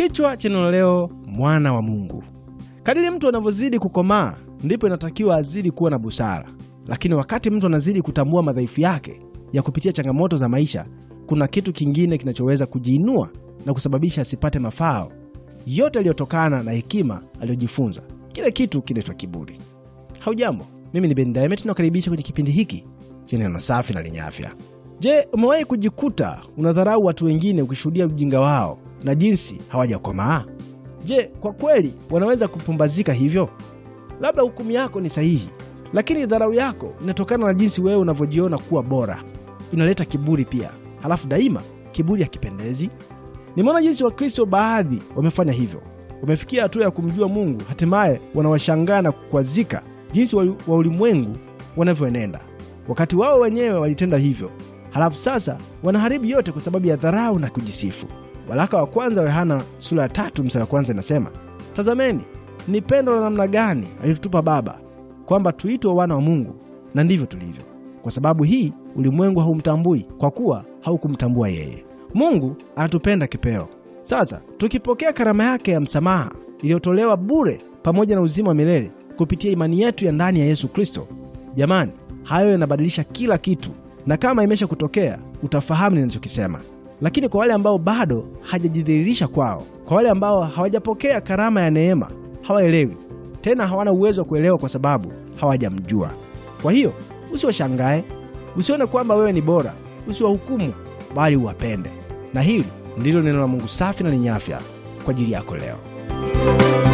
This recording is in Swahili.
Kichwa cha neno leo, mwana wa Mungu. Kadiri mtu anavyozidi kukomaa, ndipo inatakiwa azidi kuwa na busara, lakini wakati mtu anazidi kutambua madhaifu yake ya kupitia changamoto za maisha, kuna kitu kingine kinachoweza kujiinua na kusababisha asipate mafao yote aliyotokana na hekima aliyojifunza. Kile kitu kinaitwa kiburi. Haujambo, mimi ni Ben Diamond, nakaribisha kwenye kipindi hiki chenye neno safi na lenye afya. Je, umewahi kujikuta unadharau watu wengine ukishuhudia ujinga wao na jinsi hawajakomaa? Je, kwa kweli wanaweza kupumbazika hivyo? Labda hukumu yako ni sahihi, lakini dharau yako inatokana na jinsi wewe unavyojiona kuwa bora. Inaleta kiburi pia, halafu daima kiburi hakipendezi. Nimeona jinsi Wakristo baadhi wamefanya hivyo, wamefikia hatua ya kumjua Mungu, hatimaye wanawashangaa na kukwazika jinsi wa, wa ulimwengu wanavyoenenda, wakati wao wenyewe walitenda hivyo. Halafu sasa wanaharibu yote kwa sababu ya dharau na kujisifu. Waraka wa kwanza wa Yohana sura ya tatu mstari wa kwanza inasema, tazameni ni pendo la namna gani alitutupa Baba kwamba tuitwe wana wa Mungu, na ndivyo tulivyo. Kwa sababu hii ulimwengu haumtambui kwa kuwa haukumtambua yeye. Mungu anatupenda kipeo. Sasa tukipokea karama yake ya msamaha iliyotolewa bure pamoja na uzima wa milele kupitia imani yetu ya ndani ya Yesu Kristo, jamani, hayo yanabadilisha kila kitu, na kama imesha kutokea, utafahamu ninachokisema. Lakini kwa wale ambao bado hajajidhihirisha kwao, kwa wale ambao hawajapokea karama ya neema, hawaelewi tena, hawana uwezo wa kuelewa kwa sababu hawajamjua. Kwa hiyo usiwashangae, usione kwamba wewe ni bora, usiwahukumu, bali uwapende. Na hili ndilo neno la Mungu safi na lenye afya kwa ajili yako leo.